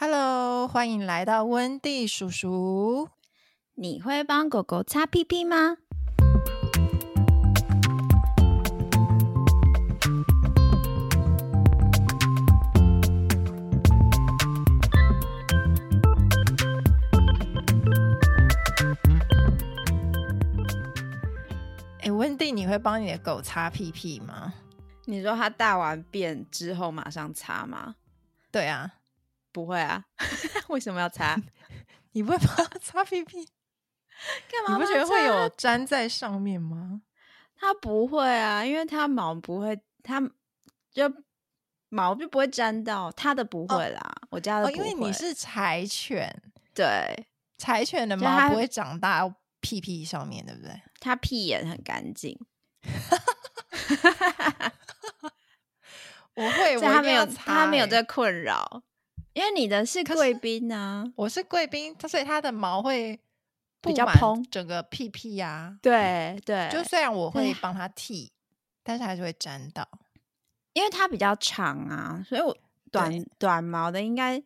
Hello，歡迎來到溫蒂叔叔。你會幫狗狗擦屁屁嗎？哎，溫蒂，你會幫你的狗擦屁屁嗎？你說它大完便之後馬上擦嗎？對啊。不會啊， 為什麼要擦？ 你不會幫他擦屁屁？幹嘛？你不覺得會有粘在上面嗎？它不會啊，因為它毛不會，它就毛就不會粘到它的不會啦。哦、我家的不會、哦、因為你是柴犬，對柴犬的毛不會長到屁屁上面對不對？它他屁眼很乾淨。 我會，它沒有，擦欸、沒有在困擾。因為你的是貴賓啊，是，我是貴賓，所以它的毛會屁屁，啊、比較蓬，整個屁屁呀，對對，就雖然我會幫它剃，嗯、但是還是會沾到，因為它比較長啊，所以我對短短毛的應該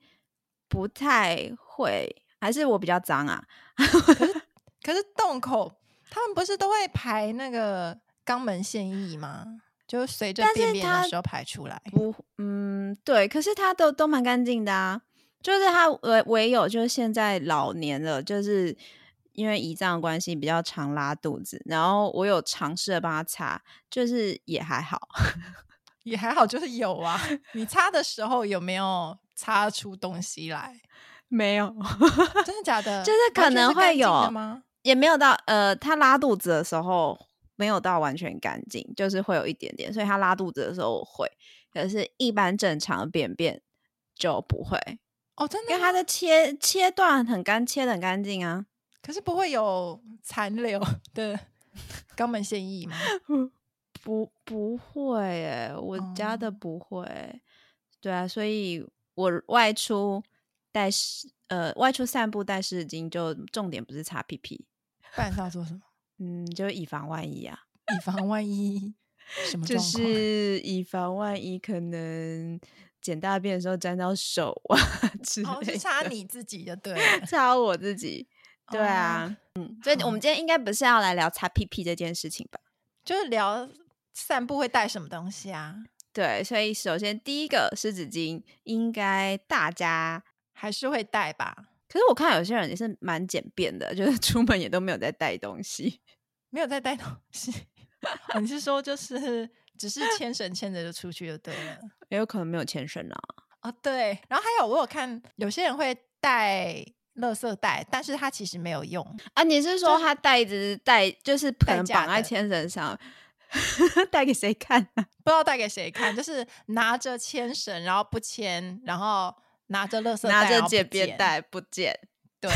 不太會，還是我比較髒啊 可？可是洞口他們不是都會排那個肛門腺液嗎？就隨着便便的時候排出來，不，嗯，對，可是他都都蠻乾淨的啊，就是他唯唯有就是現在老年了，就是因為胰臟關係比較常拉肚子，然後我有嘗試的幫他擦，就是也還好，也還好，就是有啊， 你擦的時候有沒有擦出東西來？沒有，真的假的？就是可能會有，也沒有到，呃，他拉肚子的時候。沒有到完全乾淨，就是會有一點點，所以他拉肚子的時候我會，可是一般正常的便便就不會哦，真的，因為他的切切斷很乾，切的很乾淨啊，可是不會有殘留的肛門腺液嗎？ 不，不會誒、欸，我家的不會、欸，嗯、對啊，所以我外出帶濕，呃，外出散步帶濕紙巾，就重點不是擦屁屁，不然要做什麼？ 嗯，就以防萬一啊！以防萬一，什麼？就是以防萬一，可能撿大便的時候沾到手啊之類的。好，就擦、哦、你自己的，對，擦我自己，對啊，哦、嗯。好，所以，我們今天應該不是要來聊擦屁屁這件事情吧？就是聊散步會帶什麼東西啊？對，所以首先第一個濕紙巾，應該大家還是會帶吧？其實我看有些人也是蠻簡便的，就是出門也都沒有在帶東西，沒有在帶東西、啊。你是說就是只是牽繩牽着就出去就對了？也有可能沒有牽繩啊。啊，對。然後還有我有看有些人會帶垃圾袋，但是他其實沒有用啊。你是說他袋子帶就是可能綁在牽繩上，帶 給誰看、啊？不知道帶給誰看，就是拿着牽繩然後不牽，然後。拿着垃圾袋，拿着撿便袋，不撿，不撿 對，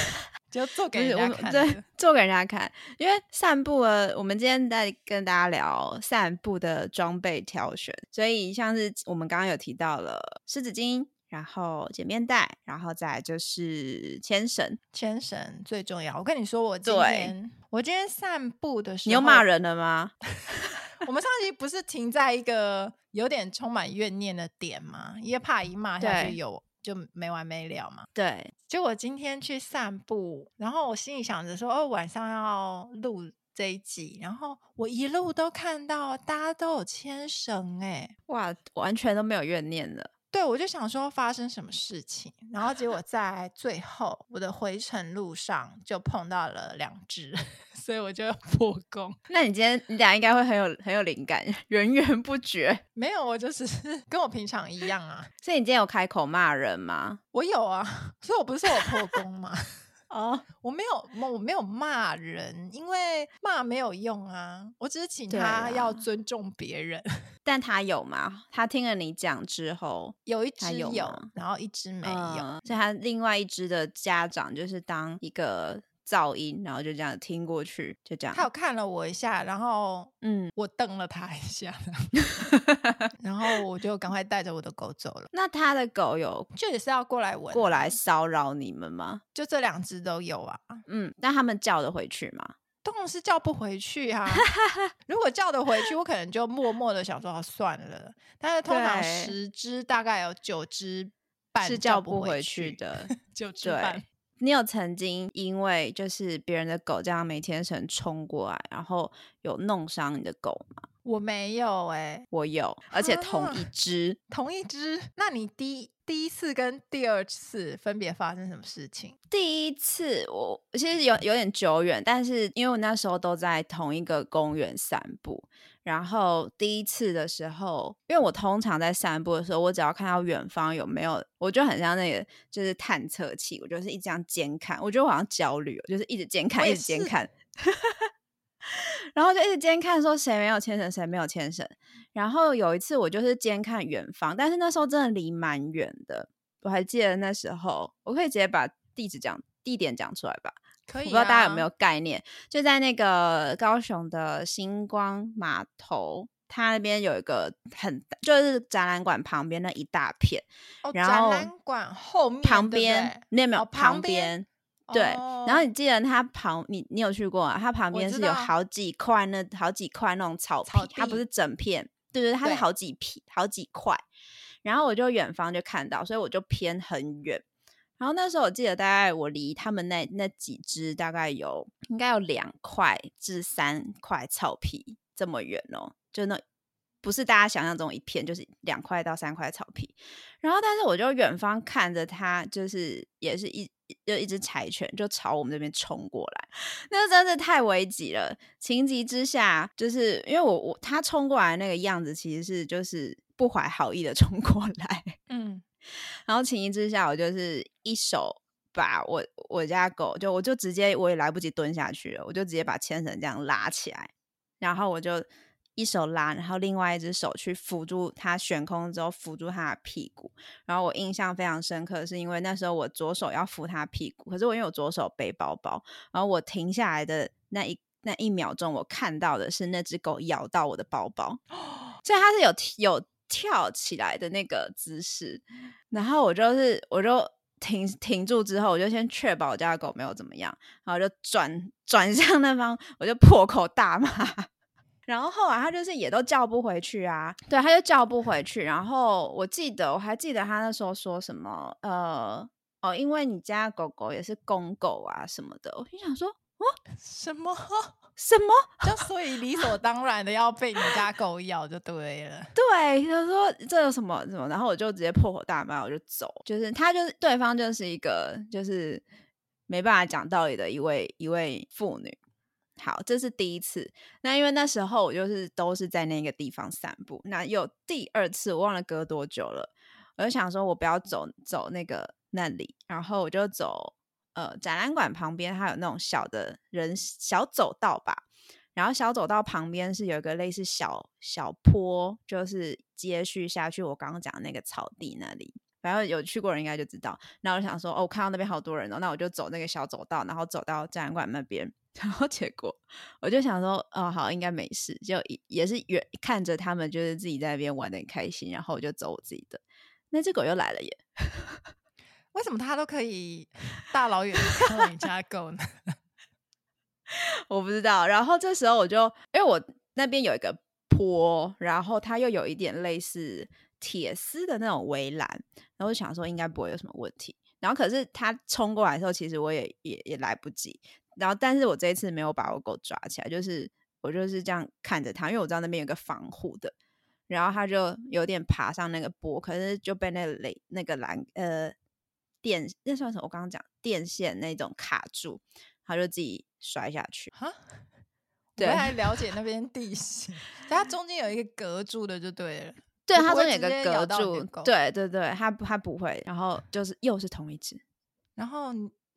就做給人家看是是我，做給人家看。因為散步了，我們今天在跟大家聊散步的裝備挑選，所以像是我們剛剛有提到了濕紙巾，然後撿便袋，然後再就是牽繩，牽繩最重要。我跟你說，我今天對我今天散步的時候，你又罵人了嗎？ 我們上期不是停在一個有點充滿怨念的點嗎？因為怕一罵下去有。就沒完沒了嘛。對，就我今天去散步，然後我心裡想着說，哦，晚上要錄這一集，然後我一路都看到大家都有牽繩，哎，哇，完全都沒有怨念了。對，我就想說，發生什麼事情，然後結果在最後我的回程路上就碰到了兩隻，所以我就破功。那你今天你倆應該會很有很有靈感，源源不絕。沒有，我就是跟我平常一樣啊。所以你今天有開口罵人嗎？我有啊，所以我不是有破功嗎？ 哦，oh, 我沒有，我沒有罵人， 因為罵沒有用啊。我只是請他要尊重別人。 但他有嗎？他聽了你講之後，有一隻有，有然後一隻沒有、嗯。所以他另外一隻的家長就是當一個。噪音，然後就這樣聽過去，就這樣。他有看了我一下，然後嗯，我瞪了他一下，然後我就趕快帶着我的狗走了。那他的狗有就也是要過來聞、過來騷擾你們嗎？就這兩隻都有啊。嗯，那他們叫得回去嗎？通常是叫不回去哈。如果叫得回去，我可能就默默的想說，算了。但是通常十隻大概有九隻半是叫不回去的，九隻半。你有曾經因為就是別人的狗這樣沒牽繩，衝過來，然後有弄傷你的狗嗎？我沒有哎、欸，我有，而且同一隻，啊、同一隻。那你第一、第一次跟第二次分別發生什麼事情？第一次我我其實有有點久遠，但是因為我那時候都在同一個公園散步。然後第一次的時候，因為我通常在散步的時候，我只要看到遠方有沒有，我就很像那個就是探測器，我就是一直這樣監看。我覺得我好像焦慮，就是一直監看，一直監看。 然後就一直監看，說誰沒有牽繩，誰沒有牽繩。然後有一次我就是監看遠方，但是那時候真的離蠻遠的，我還記得那時候，我可以直接把地址講，地點講出來吧。我不知道大家有沒有概念，就在那個高雄的星光碼頭，它那邊有一個很大，就是展覽館旁邊那一大片，然後展覽館後面旁邊，你有沒有旁邊？對，然後你記得它旁，你你有去過啊？它旁邊是有好幾塊，那好幾塊那種草皮，它不是整片，對對，它是好幾片，好幾塊。然後我就遠方就看到，所以我就偏很遠。然後那時候我記得，大概我離他們那那幾隻大概有應該有兩塊至三塊草皮這麼遠哦，就那不是大家想象中一片，就是兩塊到三塊草皮。然後，但是我就遠方看着它，就是也是一就一隻柴犬就朝我們這邊衝過來，那真是太危急了。情急之下，就是因為我我它衝過來那個樣子，其實是就是不懷好意的衝過來，嗯。然後情急之下，我就是一手把我我家狗，就我就直接我也來不及蹲下去了，我就直接把牽繩這樣拉起來，然後我就一手拉，然後另外一只手去扶住它懸空之後扶住它的屁股。然後我印象非常深刻，是因為那時候我左手要扶它屁股，可是我因為我左手背包包，然後我停下來的那一那一秒鐘，我看到的是那只狗咬到我的包包，哦，所以它是有有，跳起來的那個姿勢，然後我就是，我就停停住之後，我就先確保我家狗沒有怎麼樣，然後就轉轉向那方，我就破口大罵。然後後來他就是也都叫不回去啊，對，他就叫不回去。然後我記得我還記得他那時候說什麼，呃，哦，因為你家狗狗也是公狗啊什麼的，我就想說，哦，什麼？什麼？就所以理所當然的要被你家狗咬就對了。 對，他說這有什麼什麼？然後我就直接破口大罵，我就走。就是他就是對方就是一個就是沒辦法講道理的一位一位婦女。好，這是第一次。那因為那時候我就是都是在那個地方散步。那有第二次，我忘了隔多久了。我就想說我不要走、嗯、走那個那裡，然後我就走。呃，展覽館旁邊還有那種小的人小走道吧，然後小走道旁邊是有一個類似小小坡，就是接續下去我剛剛講那個草地那裡，反正有去過人應該就知道。然後我想說，哦，我看到那邊好多人哦，那我就走那個小走道，然後走到展覽館那邊。然後結果我就想說，哦，好，應該沒事，就也是遠看着他們，就是自己在那邊玩得很開心，然後我就走我自己的。那隻狗又來了耶！ 為什麼他都可以大老遠看到你家狗呢？ 我不知道。然後這時候我就，因為我那邊有一個坡，然後它又有一點類似鐵絲的那種圍欄，然後我想說應該不會有什麼問題。然後可是它衝過來的時候，其實我也也也來不及。然後但是我這一次沒有把我狗抓起來，就是我就是這樣看着它，因為我知道那邊有個防護的，然後它就有點爬上那個坡，可是就被那那個欄呃。電，那算什麼？我剛剛講電線那種卡住，他就自己摔下去。啊蛤，對我還了解那邊地形， 但它中間有一個隔住的就對了。對，它中間有個隔住。對對對，它它不會。然後就是又是同一只，然後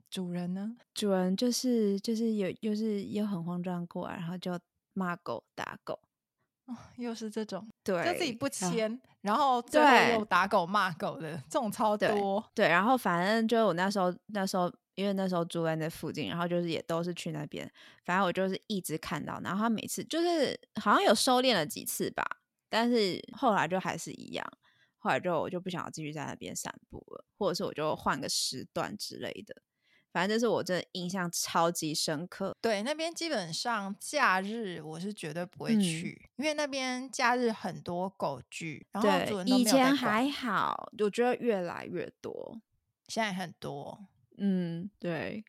主人呢？主人就是就是有又，又是又很慌張過來，然後就罵狗打狗。哦、又是這種，對，就自己不牽，啊、然後最後又打狗罵狗的，這種超多，對。對，然後反正就我那時候，那時候因為那時候住在那附近，然後就是也都是去那邊，反正我就是一直看到，然後他每次就是好像有收斂了幾次吧，但是後來就還是一樣，後來就我就不想要繼續在那邊散步了，或者是我就換個時段之類的。反正就是我真的印象超級深刻。對，那邊基本上假日我是絕對不會去，嗯、因為那邊假日很多狗聚。對，以前還好，我覺得越來越多，現在很多。嗯，對，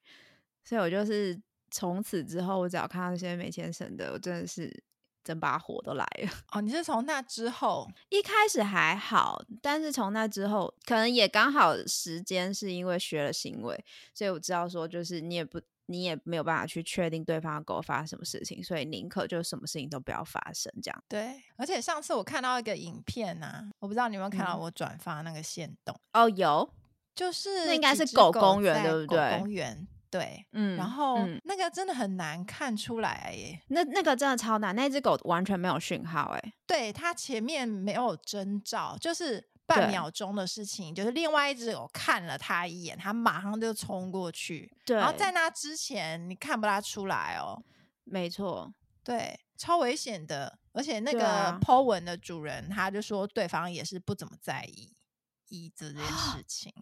所以我就是從此之後，我只要看到那些沒牽繩的，我真的是。真把火都來了哦！你是從那之後一開始還好，但是從那之後，可能也剛好時間是因為學了行為，所以我知道說，就是你也不，你也沒有辦法去確定對方的狗發生什麼事情，所以寧可就什麼事情都不要發生這樣。對，而且上次我看到一個影片吶、啊，我不知道你有沒有看到我轉發那個限動、嗯、哦，有，就是應該是狗公園對不對？對，嗯，然後、嗯、那個真的很難看出來耶。那那個真的超難，那隻狗完全沒有訊號，哎，對，它前面沒有徵兆，就是半秒鐘的事情，對就是另外一隻狗看了它一眼，它馬上就衝過去。對然後在那之前你看不拉出來看不大出來哦，沒錯，對，超危險的。而且那個 PO 文的主人他、啊、就說，對方也是不怎麼在意，以這件事情，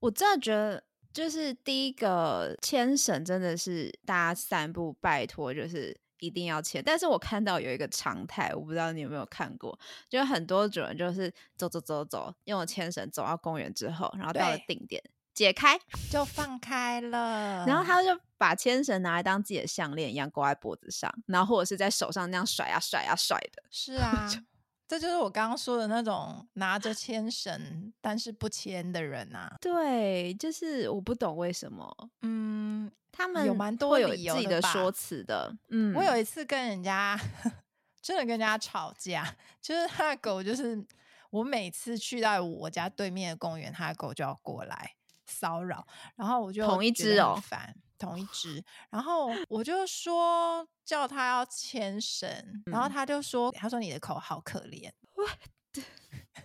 我真的覺得。就是第一個牽繩真的是大家散步拜托，就是一定要牽。但是我看到有一個常態，我不知道你有沒有看過，就很多主人就是走走走走，用了牽繩走到公園之後，然後到了定點對解開就放開了，然後他就把牽繩拿來當自己的項鏈一樣掛在脖子上，然後或者是在手上那樣甩啊甩啊甩的。是啊。 這就是我剛剛說的那種拿着牽繩 但是不牽的人啊！對，就是我不懂為什麼，嗯，他們有蠻多有自己的說辭的。嗯，我有一次跟人家真的跟人家吵架，就是他的狗，就是我每次去到我家對面的公園，他的狗就要過來騷擾，然後我就很同一隻哦煩。同一隻，然後我就說叫他要牽繩，嗯、然後他就說：“他說你的口好可憐。” What?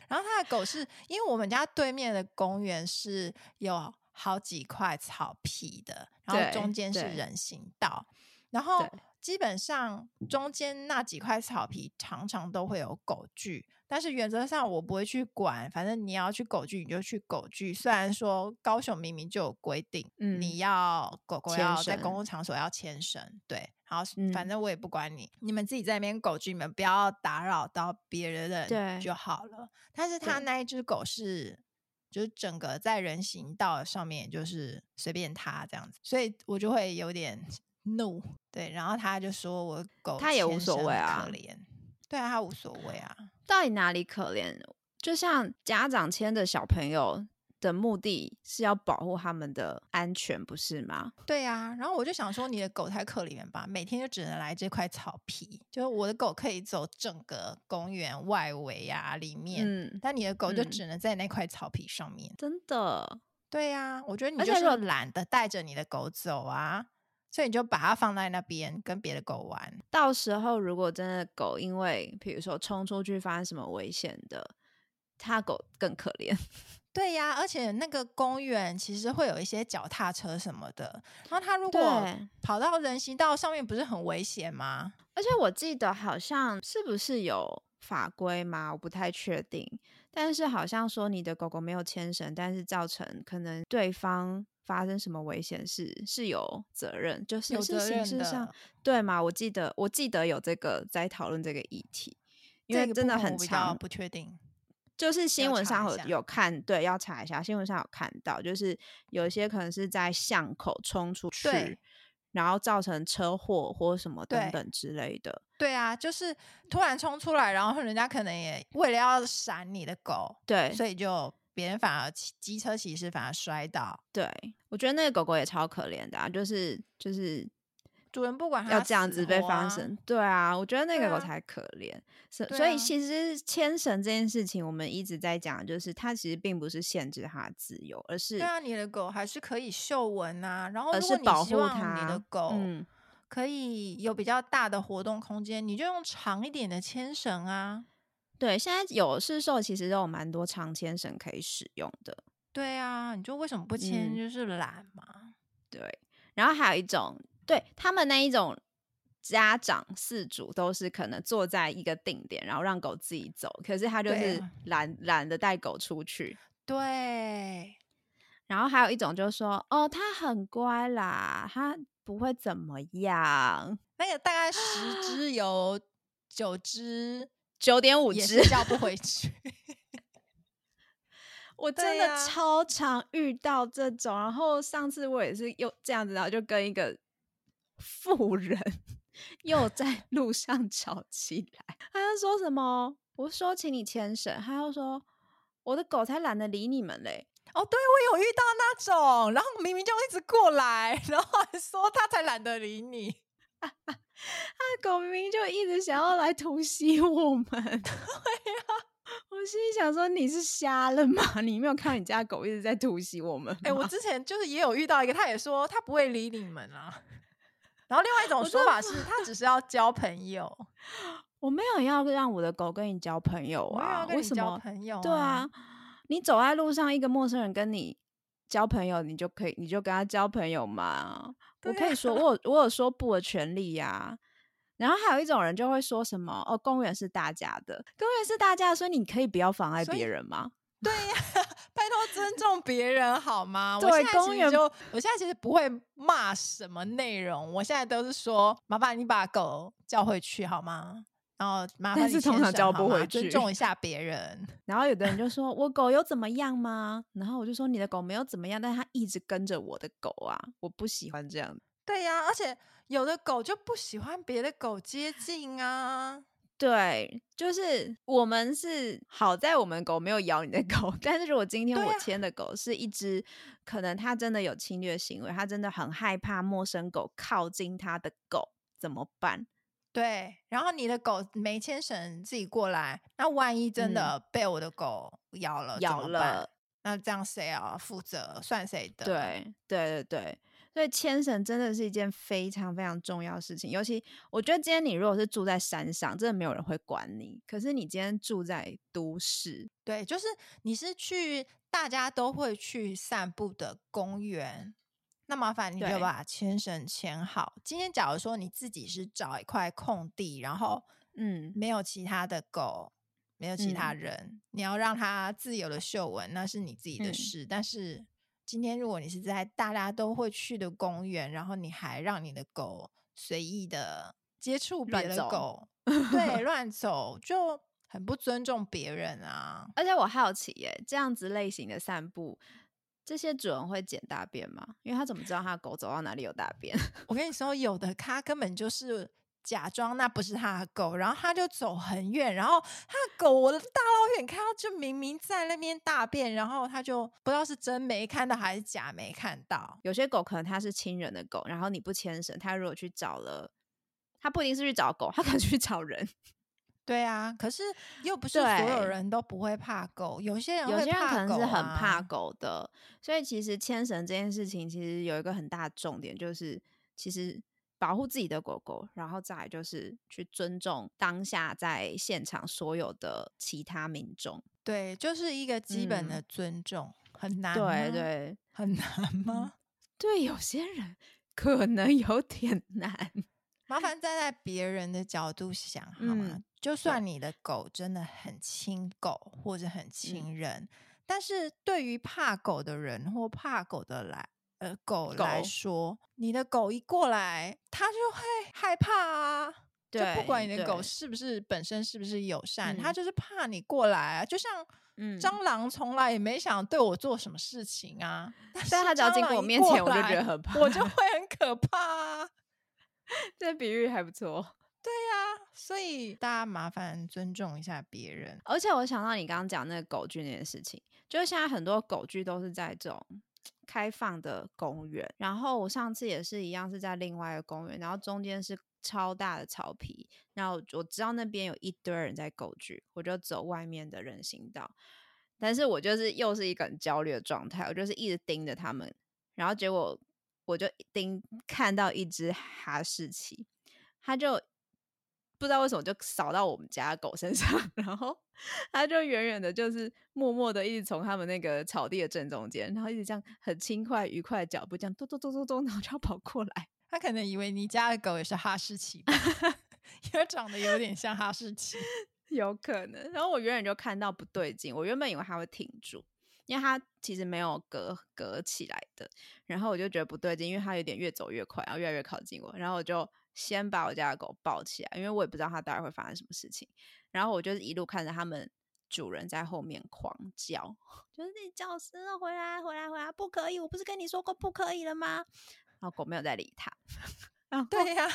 然後他的狗是因為我們家對面的公園是有好幾塊草皮的，然後中間是人行道，然後。基本上中間那幾塊草皮常常都會有狗聚，但是原則上我不會去管，反正你要去狗聚你就去狗聚。雖然說高雄明明就有規定，嗯、你要狗狗要在公共場所要牽繩，神對，然後反正我也不管你，嗯、你們自己在那邊狗聚，你們不要打擾到別人就好了。對但是他那一隻狗是對就是整個在人行道上面，就是隨便他這樣子，所以我就會有點。No，對，然後他就說我的狗，他也無所謂啊，可憐，對啊，他無所謂啊。到底哪裡可憐？就像家長牽着小朋友的目的是要保護他們的安全，不是嗎？對啊。然後我就想說，你的狗太可憐吧， 每天就只能來這塊草皮，就是我的狗可以走整個公園外圍啊，裡面，嗯，但你的狗就只能在那塊草皮上面。嗯，真的？對呀，啊，我覺得你，就是又懶得帶着你的狗走啊。所以你就把它放在那邊跟別的狗玩。到時候如果真的狗因為，比如說衝出去發生什麼危險的，它狗更可憐。對呀、啊，而且那個公園其實會有一些腳踏車什麼的，然後它如果跑到人行道上面，不是很危險嗎？對而且我記得好像是不是有法規嗎？我不太確定，但是好像說你的狗狗沒有牽繩，但是造成可能對方。發生什麼危險事，是有責任，就是形式上有責任的對嗎？我記得我記得有這個在討論這個議題，因為真的很長，不確定。就是新聞上有有看，對，要查一下新聞上有看到，就是有一些可能是在巷口衝出去，對然後造成車禍或什麼等等之類的。對，對啊，就是突然衝出來，然後人家可能也為了要閃你的狗，對，所以就。別人反而機車騎士反而摔倒，對，我覺得那個狗狗也超可憐的、啊，就是就是主人不管他要這樣子被放生。啊對啊，我覺得那個狗才可憐，啊、所以其實牽繩這件事情我們一直在講，就是它、啊、其實並不是限制它的自由，而是對啊，那你的狗還是可以嗅聞啊，然後保護它，如果你希望你的狗可以有比較大的活動空間，嗯、你就用長一點的牽繩啊。對，現在有市售，其實都有蠻多長牽繩可以使用的。對啊，你就為什麼不牽？就是懶嘛、嗯。對，然後還有一種，對，他們那一種家長飼主都是可能坐在一個定點，然後讓狗自己走，可是他就是懶懶、啊、的帶狗出去。對，然後還有一種就是說，哦，他很乖啦，他不會怎麼樣。那個大概十隻有九隻。 九點五只叫不回去， 我真的超常遇到這種。啊、然後上次我也是又這樣子，然後就跟一個婦人，又在路上吵起來。他就說什麼？我說，請你牽繩。他又說，我的狗才懶得理你們嘞。哦，對，我有遇到那種，然後明明就一直過來，然後還說他才懶得理你。哈哈， 他的狗明明就一直想要來突襲我們， 我心裡想說你是瞎了嗎？你沒有看你家狗一直在突襲我們？哎、欸，我之前就是也有遇到一個，他也說他不會理你們啊。 然後另外一種說法是，他只是要交朋友。我沒有要讓我的狗跟你交朋友啊？跟你交朋友啊為什麼？交朋友？對啊，你走在路上，一個陌生人跟你交朋友，你就可以，你就跟他交朋友嘛。我可以說，我有我有說不的權利呀、啊。 然後還有一種人就會說什麼哦，公園是大家的，公園是大家的，所以你可以不要妨礙別人嗎？對呀， 拜托尊重別人好嗎？我現在其實不，我現在其實不會罵什麼內容，我現在都是說，麻煩你把狗叫回去好嗎？然後麻煩你先收好，但是通常叫不回去，尊重一下別人。然後有的人就說：“ 我狗有怎麼樣嗎？”然後我就說：“你的狗沒有怎麼樣，但是它一直跟着我的狗啊，我不喜歡這樣。”對呀、啊，而且有的狗就不喜歡別的狗接近啊。對，就是我們是好在我們狗沒有咬你的狗，但是如果今天我牽的狗是一隻，啊、可能它真的有侵略行為，它真的很害怕陌生狗靠近它的狗，怎麼辦？對，然後你的狗沒牽繩自己過來，那萬一真的被我的狗咬了，嗯、咬了，那這樣誰要、啊、負責？算誰的？對，對，對，對。所以牽繩真的是一件非常非常重要的事情。尤其我覺得今天你如果是住在山上，真的沒有人會管你。可是你今天住在都市，對，就是你是去大家都會去散步的公園。那麻煩你就把牽繩牽好對。今天假如說你自己是找一塊空地，然後嗯，沒有其他的狗，嗯、沒有其他人，嗯、你要讓它自由的嗅聞，那是你自己的事。嗯、但是今天如果你是在大家都會去的公園，然後你還讓你的狗隨意的接觸別的狗，亂走 對，亂走就很不尊重別人啊。而且我好奇耶，這樣子類型的散步。這些主人會撿大便嗎？因為他怎麼知道他的狗走到哪裡有大便？我跟你說，有的咖根本就是假裝那不是他的狗，然後他就走很遠，然後他的狗我的大老遠看到就明明在那邊大便，然後他就不知道是真沒看到還是假沒看到。有些狗可能它是親人的狗，然後你不牽繩，它如果去找了，他不一定是去找狗，他可能去找人。對啊，可是又不是所有人對都不會怕狗，有些人、啊、有些人可能是很怕狗的，所以其實牽繩這件事情其實有一個很大的重點，就是其實保護自己的狗狗，然後再來就是去尊重當下在現場所有的其他民眾。對，就是一個基本的尊重，很難、嗯。對對，很難嗎？難嗎嗯、對，有些人可能有點難。麻煩站在別人的角度想好嗎？嗯就算你的狗真的很親狗或者很親人，嗯、但是對於怕狗的人或怕狗的來呃狗來說，狗你的狗一過來，它就會害怕啊！對就不管你的狗是不是本身是不是友善，對它就是怕你過來啊！嗯、就像，蟑螂從來也沒想對我做什麼事情啊，嗯、但是它只要經過我面前，我就覺得很怕， 我就會很可怕、啊。 這比喻還不錯。對呀、啊，所以大家麻煩尊重一下別人。而且我想到你剛剛講那個狗聚那件事情，就是現在很多狗聚都是在這種開放的公園。然後我上次也是一樣，是在另外一個公園，然後中間是超大的草皮。然後我知道那邊有一堆人在狗聚，我就走外面的人行道。但是我就是又是一個很焦慮的狀態，我就是一直盯着他們，然後結果我就盯看到一隻哈士奇，它就。不知道為什麼就掃到我們家的狗身上，然後它就遠遠的，就是默默的，一直從他們那個草地的正中間，然後一直這樣很輕快、愉快的腳步，這樣咚咚咚咚咚，然後就要跑過來。他可能以為你家的狗也是哈士奇吧， 因為長得有點像哈士奇， 有可能。然後我遠遠就看到不對勁，我原本以為它會挺住。因為它其實沒有隔隔起來的，然後我就覺得不對勁，因為它有點越走越快，然後越來越靠近我，然後我就先把我家的狗抱起來，因為我也不知道它大概會發生什麼事情。然後我就一路看着他們主人在後面狂叫，就是那叫失了回來，回來，回來，不可以！我不是跟你說過不可以了嗎？然後狗沒有再理它。啊、然後對呀，哦、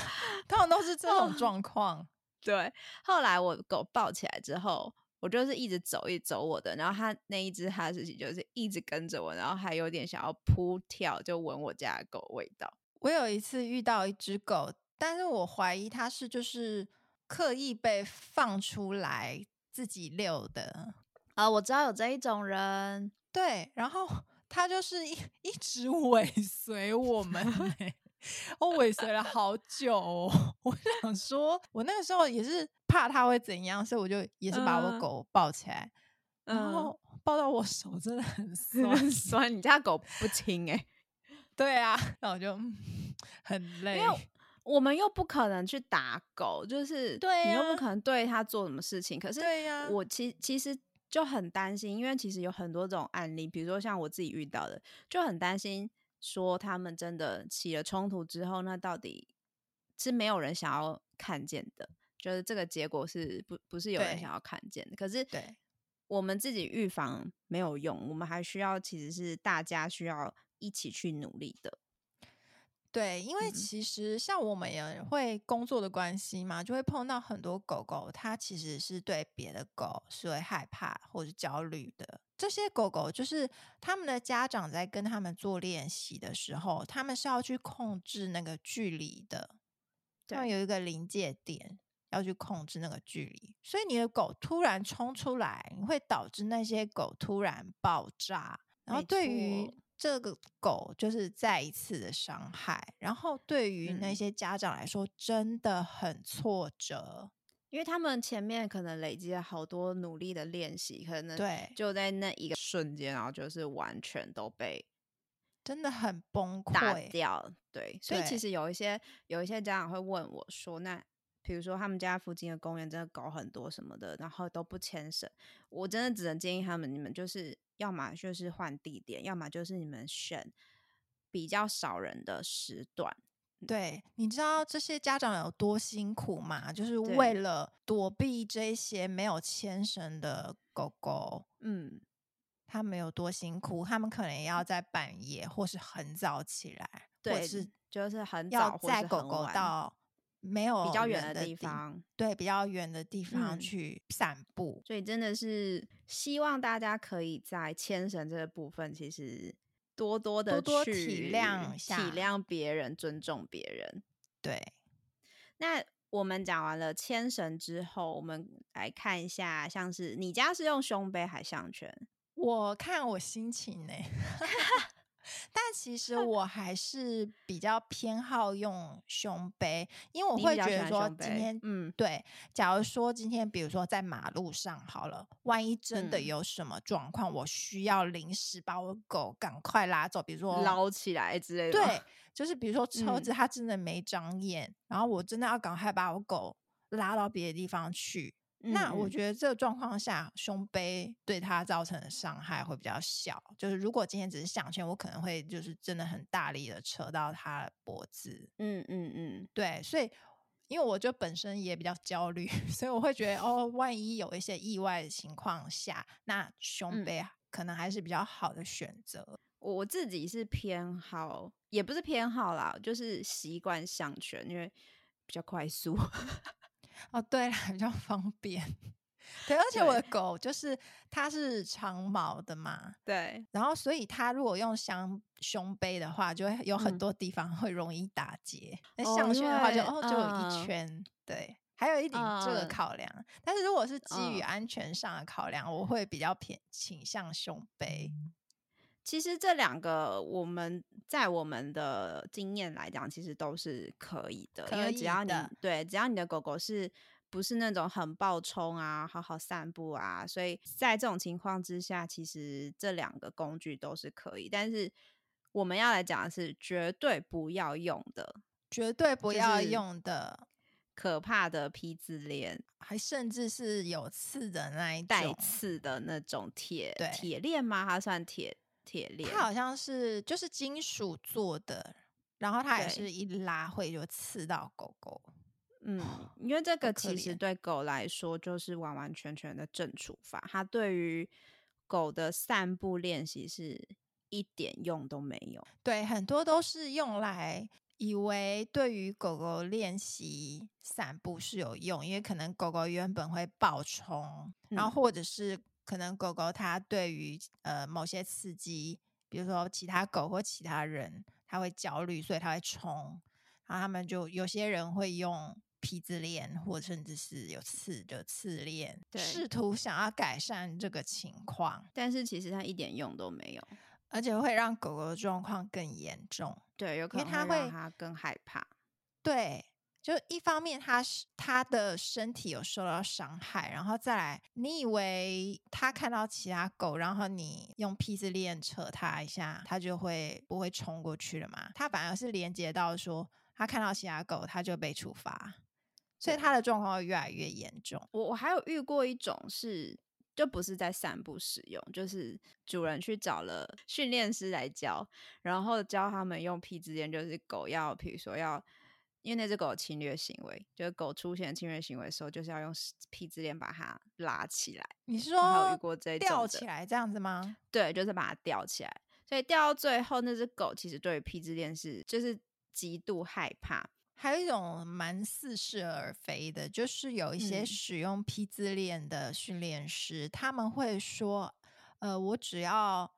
通常都是這種狀況。哦、對，後來我狗抱起來之後。我就是一直走一直走我的，然後他那一只哈士奇就是一直跟着我，然後還有點想要撲跳，就聞我家的狗味道。我有一次遇到一只狗，但是我懷疑它是就是刻意被放出來自己遛的啊！我知道有這一種人，對，然後它就是一一直尾隨我們、欸， 我尾隨了好久、哦。我想說，我那個時候也是。怕它會怎樣，所以我就也是把我狗抱起來，嗯、然後抱到我手真的很酸，真的很酸。你家狗不輕哎，欸， 對啊，然後我就很累，我們又不可能去打狗，就是對，你又不可能對它做什麼事情。啊，可是對呀，我其其實就很擔心，因為其實有很多種案例，比如說像我自己遇到的，就很擔心說他們真的起了衝突之後，那到底是沒有人想要看見的。就是這個結果是不不是有人想要看見的。對可是我們自己預防沒有用，我們還需要，其實是大家需要一起去努力的。對，因為其實像我們也會工作的關係嘛，就會碰到很多狗狗，它其實是對別的狗是會害怕或者焦慮的。這些狗狗就是他們的家長在跟他們做練習的時候，他們是要去控制那個距離的，要對有一個臨界點。要去控制那個距離，所以你的狗突然衝出來，你會導致那些狗突然爆炸，然後對於這個狗就是再一次的傷害，然後對於那些家長來說真的很挫折，嗯，因為他們前面可能累積了好多努力的練習，可能對就在那一個瞬間，然後就是完全都被真的很崩潰打掉，對，所以其實有一些有一些家長會問我說那。比如說他們家附近的公園真的狗很多什麼的，然後都不牽繩，我真的只能建議他們，你們就是要麼就是換地點，要麼就是你們選比較少人的時段。對，你知道這些家長有多辛苦嗎？就是為了躲避這些沒有牽繩的狗狗，嗯對，他們有多辛苦？他們可能要在半夜或是很早起來，對或者是就是很早帶狗狗到。沒有比較遠的地方，對，比較遠的地方去散步，所以真的是希望大家可以在牽繩這個部分，其實多多的多體諒體諒別人，尊重別人。對，那我們講完了牽繩之後，我們來看一下，像是你家是用胸背還是項圈？我看我心情呢、欸。 但其實我還是比較偏好用胸背，因為我會覺得說今天，嗯，對。假如說今天，比如說在馬路上好了，萬一真的有什麼狀況，我需要臨時把我狗趕快拉走，比如說撈起來之類的。對，就是比如說車子它真的沒長眼，嗯，然後我真的要趕快把我狗拉到別的地方去。那我覺得這個狀況下，嗯嗯，胸背對他造成的傷害會比較小。就是如果今天只是項圈，我可能會就是真的很大力的扯到他的脖子。嗯嗯嗯，對，所以因為我就本身也比較焦慮，所以我會覺得哦，萬一有一些意外的情況下，那胸背可能還是比較好的選擇。嗯。我自己是偏好，也不是偏好啦，就是習慣項圈，因為比較快速。哦，oh, 對，比較方便。 對，而且我的狗就是對它是長毛的嘛，對，然後所以它如果用香胸背的話，就會有很多地方會容易打結。那項、嗯、圈的話就，就、oh, 對哦就有一圈。Uh, 對，還有一點這個考量，uh, 但是如果是基於安全上的考量，uh, 我會比較偏傾向胸背。嗯。其實這兩個，我們在我們的經驗來講，其實都是可以的，可以的。因為只要你，對，只要你的狗狗是不是那種很暴衝啊，好好散步啊，所以在這種情況之下，其實這兩個工具都是可以。但是我們要來講的是，絕對不要用的，絕對不要用的，可怕的 P 字鏈，還甚至是有刺的那一種帶刺的那種鐵對鐵鏈嗎？它算鐵？鐵鏈，它好像是就是金屬做的，然後它也是一拉會就刺到狗狗。嗯，因為這個其實對狗來說就是完完全全的正處罰，它對於狗的散步練習是一點用都沒有。對，很多都是用來以為對於狗狗練習散步是有用，因為可能狗狗原本會暴衝，然後或者是。可能狗狗它對於呃某些刺激，比如說其他狗或其他人，它會焦慮，所以它會衝。然後他們就有些人會用 P 字鏈或甚至是有刺的刺鏈，對，試圖想要改善這個情況，但是其實它一點用都沒有，而且會讓狗狗的狀況更嚴重。對，有可能會它會讓它更害怕。對。就一方面它，他他的身體有受到傷害，然後再來，你以為他看到其他狗，然後你用 P 字鏈，扯他一下，他就會不會衝過去了嘛？他反而是連接到說，他看到其他狗，他就被處罰。所以他的狀況會越來越嚴重。我我還有遇過一種是，就不是在散步使用，就是主人去找了訓練師來教，然後教他們用 P 字鏈，就是狗要，比如說要。因為那只狗有侵略行為，就是狗出現侵略行為的時候，就是要用 P 字鏈把它拉起來。你是說有遇過這種吊起來這樣子嗎？對，就是把它吊起來。所以吊到最後，那只狗其實對於 P 字鏈是就是極度害怕。還有一種蠻似是而非的，就是有一些使用 P 字鏈的訓練師，嗯、他們會說：“呃，我只要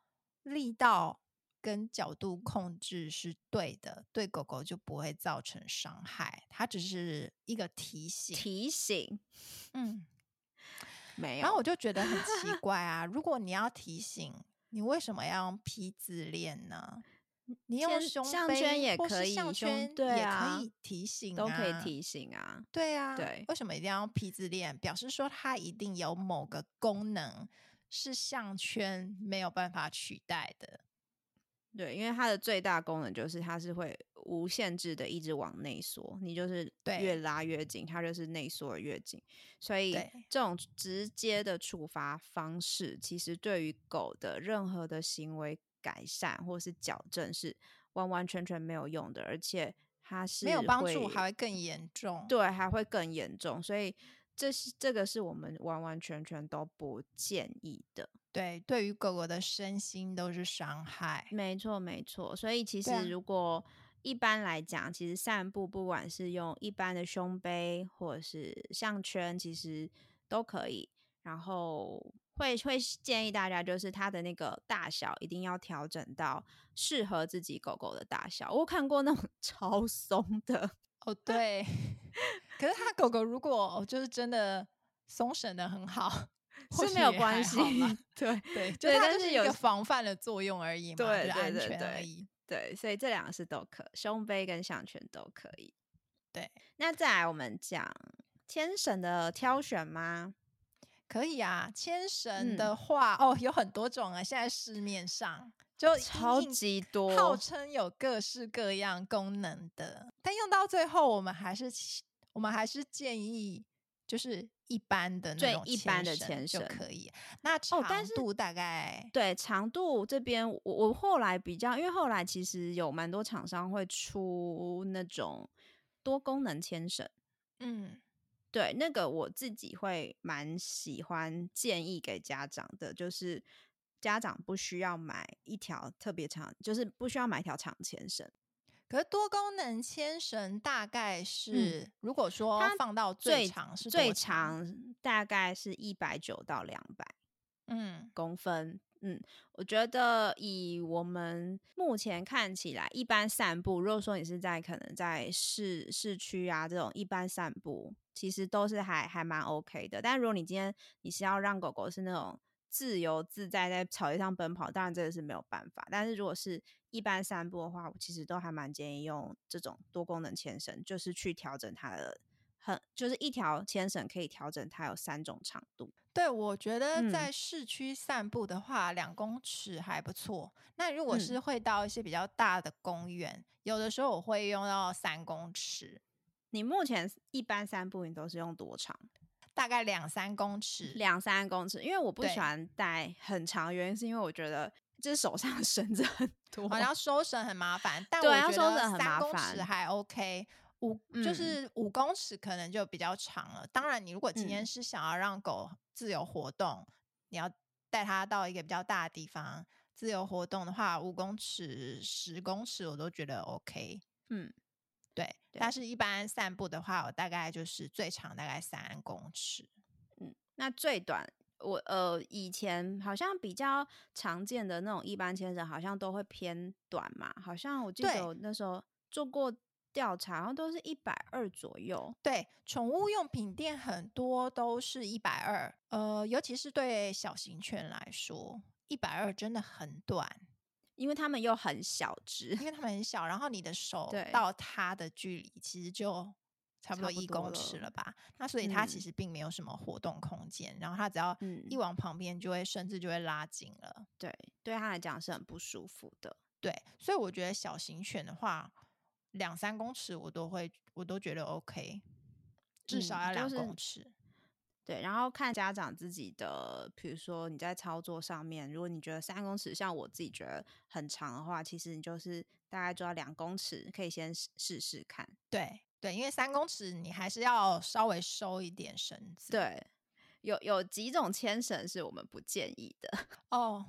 力道。”跟角度控制是對的，對狗狗就不會造成傷害，它只是一個提醒。提醒，嗯，沒有。然後我就覺得很奇怪啊！ 如果你要提醒，你為什麼要用 P 字鏈呢？你用項圈也可以，項圈也可以提醒啊，對啊，都可以提醒啊。對啊，對，為什麼一定要用 P 字鏈？表示說它一定有某個功能是項圈沒有辦法取代的。對，因為它的最大功能就是它是會無限制的一直往內縮，你就是越拉越緊，對它就是內縮越緊。所以對這種直接的處罰方式，其實對於狗的任何的行為改善或是矯正是完完全全沒有用的，而且它是沒有幫助，還會更嚴重。對，還會更嚴重。所以這是這個是我們完完全全都不建議的。對，對於狗狗的身心都是傷害。沒錯，沒錯。所以其實如果一般來講，對其實散步不管是用一般的胸背或者是項圈，其實都可以。然後會會建議大家，就是它的那個大小一定要調整到適合自己狗狗的大小。我看過那種超鬆的，哦，對。 可是它狗狗如果就是真的鬆繩得很好，是沒有關係，對對,對，就是有個防範的作用而已，對安全對，所以這兩個是都可，胸背跟項圈都可以。對，那再來我們講牽繩的挑選嗎？可以啊，牽繩的話，嗯、哦，有很多種啊，現在市面上就超級多，號稱有各式各樣功能的，但用到最後，我們還是我們還是建議就是。一般的最一般的牽繩就可以，那長度大概、哦、對長度這邊，我我後來比較，因為後來其實有蠻多廠商會出那種多功能牽繩，嗯，對，那個我自己會蠻喜歡，建議給家長的，就是家長不需要買一條特別長，就是不需要買一條長牽繩。可是多功能牽繩大概是，嗯、如果說放到最長是最，最長，大概是一百九到兩百，嗯，公分，嗯，嗯，我覺得以我們目前看起來，一般散步，如果說你是在可能在市市區啊這種一般散步，其實都是還還蠻 OK 的。但如果你今天你是要讓狗狗是那種自由自在在草地上奔跑，當然這個是沒有辦法。但是如果是一般散步的話，我其實都還蠻建議用這種多功能牽繩，就是去調整它的很，很就是一條牽繩可以調整它有三種長度。對，我覺得在市區散步的話，嗯、兩公尺還不錯。那如果是會到一些比較大的公園，嗯、有的時候我會用到三公尺。你目前一般散步你都是用多長？大概兩三公尺，兩三公尺，因為我不喜歡帶很長，原因是因為我覺得。是手上的繩子很多，好像要收繩很麻煩。但對我覺得三公尺還 OK，五、嗯、就是五公尺可能就比較長了。當然，你如果今天是想要讓狗自由活動，嗯、你要帶它到一個比較大的地方自由活動的話，五公尺、十公尺我都覺得 OK。嗯，對。對，但是一般散步的話，我大概就是最長大概三公尺。嗯，那最短。我呃以前好像比較常見的那種一般牽繩好像都會偏短嘛，好像我記得我那時候做過調查，好像都是一百二左右。對，寵物用品店很多都是一百二，呃，尤其是對小型犬來說，一百二真的很短，因為它們又很小只，因為它們很小，然後你的手到它的距離其實就。差不多一公尺了吧，了那所以它其實並沒有什麼活動空間，嗯、然後它只要一往旁邊，就會、嗯、甚至就會拉緊了。對，對它來講是很不舒服的。對，所以我覺得小型犬的話，兩三公尺我都會，我都覺得 OK，至少要兩公尺，嗯就是。對，然後看家長自己的，比如說你在操作上面，如果你覺得三公尺像我自己覺得很長的話，其實你就是大概抓兩公尺，可以先試試看。對。對，因為三公尺你還是要稍微收一點繩子。對，有有幾種牽繩是我們不建議的哦。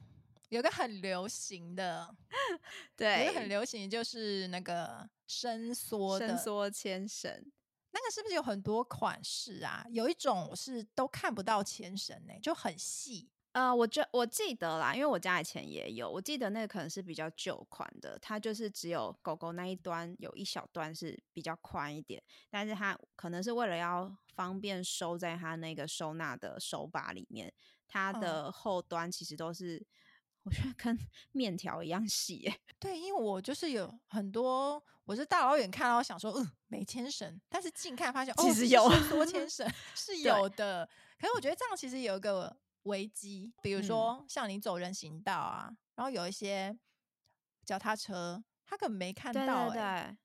有個很流行的， 對，有個很流行的就是那個伸縮的伸縮牽繩，那個是不是有很多款式啊？有一種我是都看不到牽繩呢欸，就很細。呃，我覺我記得啦，因為我家以前也有，我記得那個可能是比較舊款的，它就是只有狗狗那一端有一小段是比較寬一點，但是它可能是為了要方便收在它那個收納的手把裡面，它的後端其實都是、嗯、我覺得跟麵條一樣細耶。對，因為我就是有很多，我是大老遠看到我想說，嗯，沒牽繩，但是近看發現，其實有、哦、其實多牽繩 是有的，對可是我覺得這樣其實有一個危機，比如說像你走人行道啊，然後有一些腳踏車，它可能沒看到，對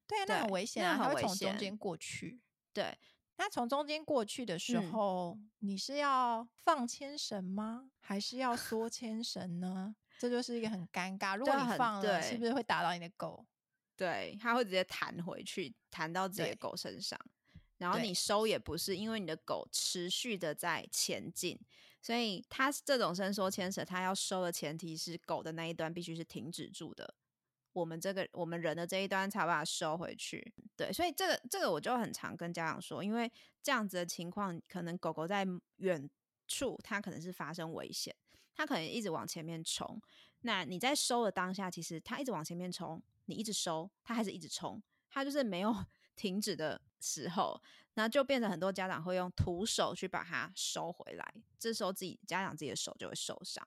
對，那很危險，它會從中間過去。對，那從中間過去的時候，你是要放牽繩嗎？還是要縮牽繩呢？這就是一個很尷尬。如果你放了，是不是會打到你的狗？對，它會直接彈回去，彈到自己的狗身上。然後你收也不是，因為你的狗持續的在前進。所以它這種伸縮牽繩，它要收的前提是狗的那一端必須是停止住的，我們這個我們人的這一端才把它收回去。對，所以這個這個我就很常跟家長說，因為這樣子的情況，可能狗狗在遠處它可能是發生危險，它可能一直往前面衝，那你在收的當下，其實它一直往前面衝，你一直收，它還是一直衝，它就是沒有停止的時候。那就變成很多家長會用徒手去把它收回來，這時候自己家長自己的手就會受傷。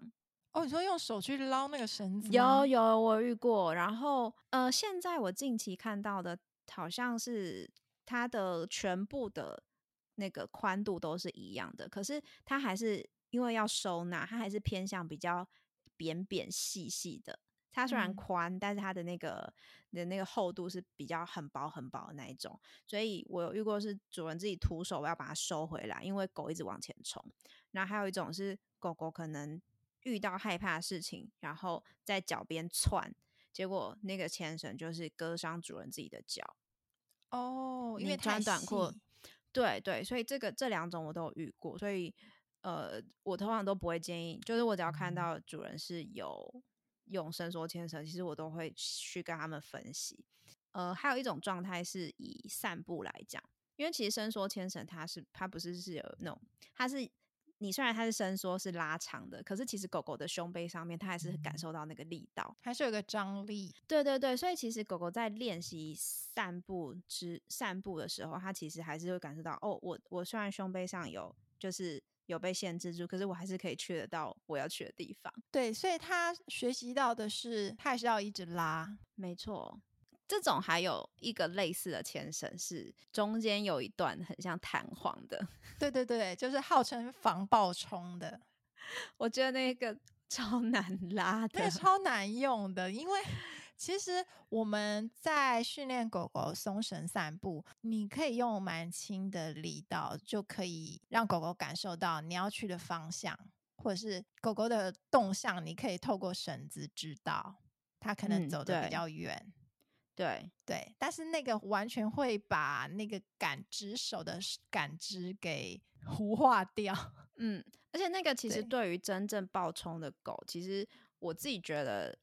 哦，你說用手去撈那個繩子？有有，我遇過。然後呃，現在我近期看到的，好像是它的全部的那個寬度都是一樣的，可是它還是因為要收納，它還是偏向比較扁扁細細的。它雖然寬，但是它的那個、嗯、的那個厚度是比較很薄很薄的那一種，所以我有遇過是主人自己徒手我要把它收回來，因為狗一直往前衝。然後還有一種是狗狗可能遇到害怕的事情，然後在腳邊竄，結果那個牽繩就是割傷主人自己的腳。哦，因為穿短褲。對對，所以這個這兩種我都有遇過，所以呃，我通常都不會建議，就是我只要看到主人是有。嗯用伸縮牽繩，其實我都會去跟他們分析。呃，還有一種狀態是以散步來講，因為其實伸縮牽繩，它是它不是是有那種，它是你雖然它是伸縮是拉長的，可是其實狗狗的胸背上面，它還是感受到那個力道，還是有個張力。對對對，所以其實狗狗在練習散步之散步的時候，它其實還是會感受到，哦，我我雖然胸背上有就是。有被限制住，可是我還是可以去得到我要去的地方。對，所以他學習到的是，他還是要一直拉。沒錯，這種還有一個類似的牽繩是中間有一段很像彈簧的。對對對，就是號稱防暴衝的， 我覺得那個超難拉的，對，超難用的，因為。其實我們在訓練狗狗鬆繩散步，你可以用蠻輕的力道，就可以讓狗狗感受到你要去的方向，或者是狗狗的動向，你可以透過繩子知道它可能走得比較遠。嗯、對對，對，但是那個完全會把那個感知手的感知給糊化掉。嗯，而且那個其實對於真正暴衝的狗，對其實我自己覺得。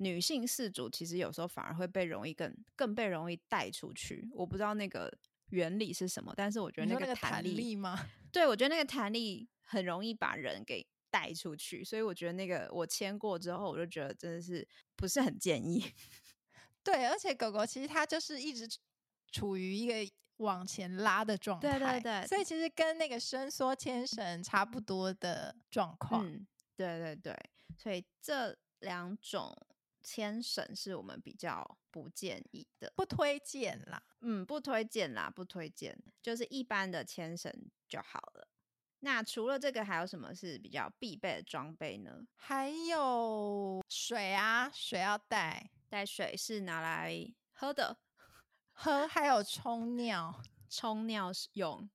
女性飼主其實有時候反而會被容易更更被容易帶出去，我不知道那個原理是什麼，但是我覺得那個彈力,那個彈力嗎？對，我覺得那個彈力很容易把人給帶出去，所以我覺得那個我牽過之後，我就覺得真的是不是很建議。對，而且狗狗其實它就是一直處於一個往前拉的狀態，對對對，所以其實跟那個伸縮牽繩差不多的狀況。嗯，對對對，所以這兩種。牽繩是我們比較不建議的，不推薦啦，嗯，不推薦啦，不推薦，就是一般的牽繩就好了。那除了這個，還有什麼是比較必備的裝備呢？還有水啊，水要帶，帶水是拿來喝的，喝還有沖尿，沖 尿用。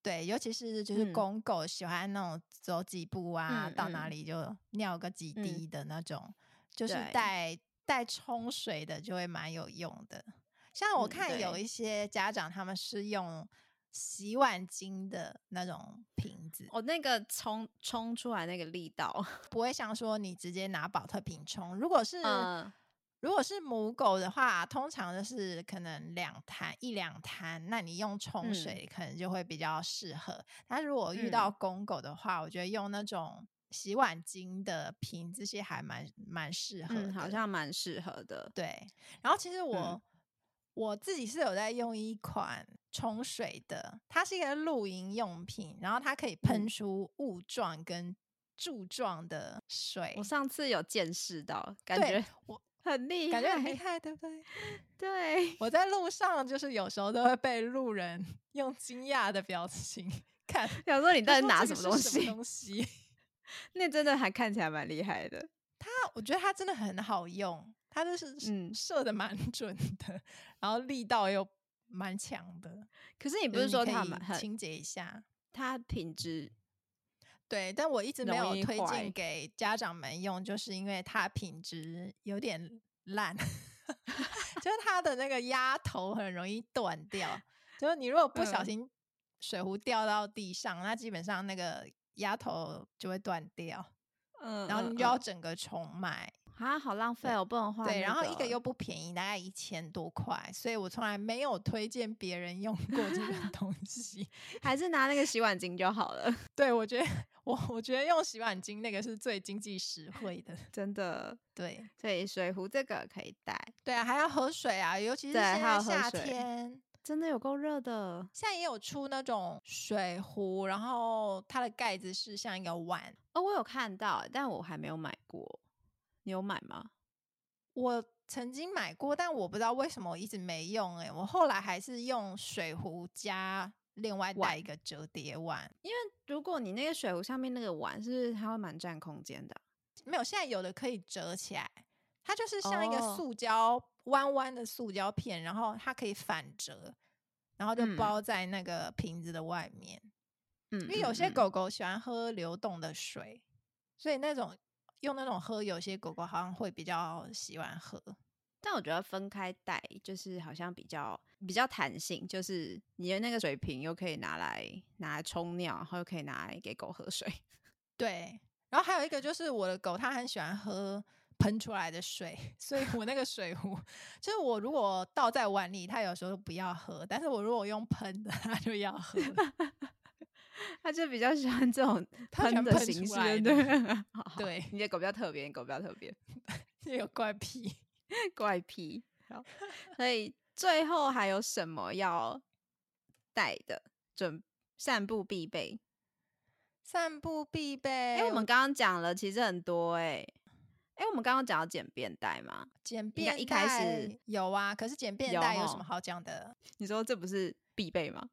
對，尤其是就是公狗喜歡那種走幾步啊，嗯嗯、到哪裡就尿個幾滴的那種。嗯就是帶帶沖水的就會蠻有用的，像我看有一些家長他們是用洗碗精的那種瓶子，哦，那個沖沖出來那個力道不會像說你直接拿寶特瓶沖。如果是如果是母狗的話，通常就是可能兩攤一兩攤，那你用沖水可能就會比較適合。但如果遇到公狗的話，我覺得用那種。洗碗精的瓶，這些還蠻蠻適合，好像蠻適合的。嗯、合的對，然後其實我，嗯、我自己是有在用一款沖水的，它是一個露營用品，然後它可以噴出霧狀跟柱狀的水，嗯。我上次有見識到，感覺我很厲害，感覺很厲害，對不對？對，我在路上就是有時候都會被路人用驚訝的表情看，想說你到底拿什麼東西？東西。那真的還看起來蠻厲害的，它我覺得它真的很好用，它就是嗯射的蠻準的，嗯、然後力道又蠻強的。可是你不是說它很可以清潔一下，它品質對，但我一直沒有推薦給家長們用，就是因為它品質有點爛， 就是它的那個壓頭很容易斷掉，嗎就是你如果不小心水壺掉到地上，那基本上那個。牙頭就會斷掉，嗯、然後你就要整個重買啊、嗯嗯嗯，好浪費哦，對不能換、那個。對，然後一個又不便宜，大概一千多塊，所以我從來沒有推薦別人用過這個東西， 還是拿那個洗碗巾就好了。對，我覺得我我覺得用洗碗巾那個是最經濟實惠的，真的。對，所以水壺這個可以帶。對啊，還要喝水啊，尤其是現在夏天。真的有夠熱的，現在也有出那種水壺，然後它的蓋子是像一個碗。哦，我有看到，但我還沒有買過。你有買嗎？我曾經買過，但我不知道為什麼我一直沒用。哎，我後來還是用水壺加另外帶一個折疊碗，碗，因為如果你那個水壺上面那個碗是不是它會蠻佔空間的？沒有，現在有的可以折起來。它就是像一個塑膠、oh. 彎彎的塑膠片，然後它可以反折，然後就包在那個瓶子的外面。嗯，因為有些狗狗喜歡喝流動的水，所以那種用那種喝，有些狗狗好像會比較喜歡喝。但我覺得分開帶就是好像比較比較彈性，就是你的那個水瓶又可以拿來拿來沖尿，然後又可以拿來給狗喝水。對，然後還有一個就是我的狗它很喜歡喝噴出來的水，所以我那個水壺 就是我如果倒在碗裡，它有時候不要喝；但是我如果用噴的，它就要喝。 它就比較喜歡這種噴的形式，對好好對你特。你的狗比較特別，你狗比較特別，有怪癖，怪癖。好， 所以最後還有什麼要帶的？準散步必備，散步必備。哎、欸，我們剛剛講了，其實很多哎、欸。哎、欸，我們剛剛講到撿便袋嘛，撿便袋有啊，可是撿便袋有什麼好講的哦？你說這不是必備嗎？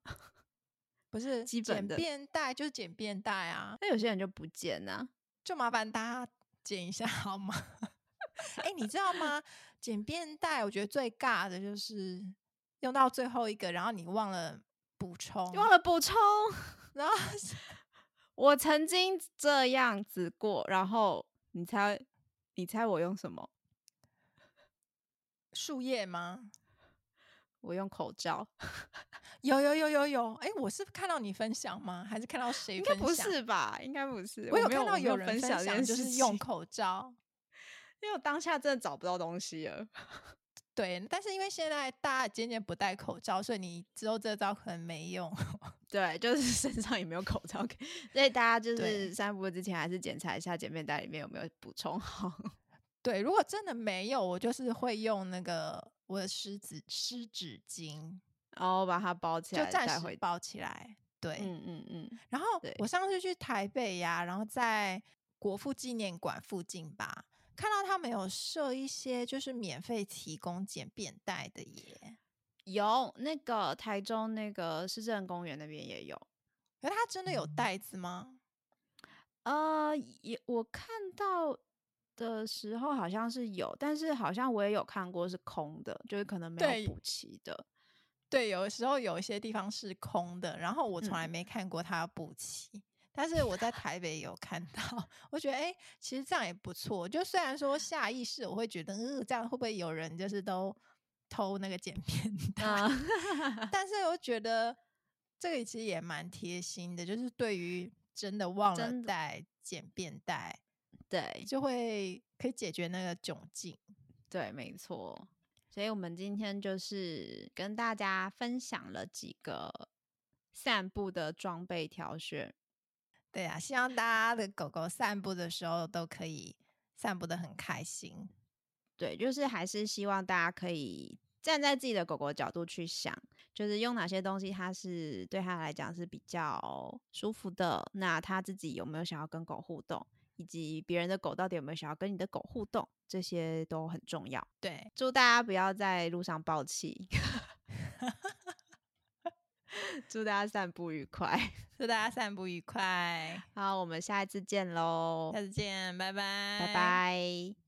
不是，基本的撿便袋就是撿便袋啊。那有些人就不撿啊，就麻煩大家撿一下好嗎？哎、 欸，你知道嗎？撿便袋我覺得最尬的就是用到最後一個，然後你忘了補充，忘了補充，然 後 我曾經這樣子過，然後你才。你猜我用什麼？樹葉嗎？我用口罩。 有有有有有！哎、欸，我是看到你分享嗎？還是看到誰分享？應該不是吧？應該不是。我有,我有我看到有人分享，就是用口罩。因為我當下真的找不到東西了。 對，但是因為現在大家漸漸不戴口罩，所以你之後這個招可能沒用。 對，就是身上也沒有口罩，所以大家就是散步之前還是檢查一下撿便袋裡面有沒有補充好。對，如果真的沒有，我就是會用那個我的濕紙濕紙巾，然後、oh, 把它包起來，就暫時包起來。會對，嗯嗯嗯。嗯嗯，然後對我上次去台北呀，、啊，然後在國父紀念館附近吧，看到他們有設一些就是免費提供撿便袋的耶。有那個台中那個市政公園那邊也有，那它真的有袋子嗎？呃、嗯，也我看到的時候好像是有，但是好像我也有看過是空的，就是可能沒有補齊的。對。對，有的時候有一些地方是空的，然後我從來沒看過它補齊，嗯、但是我在台北有看到，我覺得哎、欸，其實這樣也不錯。就雖然說下意識我會覺得，嗯、呃，這樣會不會有人就是都。偷那個撿便袋。嗯、 但是我覺得這個其實也蠻貼心的，就是對於真的忘了帶撿便袋，對，就會可以解決那個窘境。對，沒錯。所以我們今天就是跟大家分享了幾個散步的裝備挑選。對啊，希望大家的狗狗散步的時候都可以散步的很開心。對，就是還是希望大家可以站在自己的狗狗的角度去想，就是用哪些東西它是對它來講是比較舒服的。那它自己有沒有想要跟狗互動，以及別人的狗到底有沒有想要跟你的狗互動，這些都很重要。對，祝大家不要在路上爆氣， 祝大家散步愉快，祝大家散步愉快。好，我們下一次見嘍，下次見，拜拜，拜拜。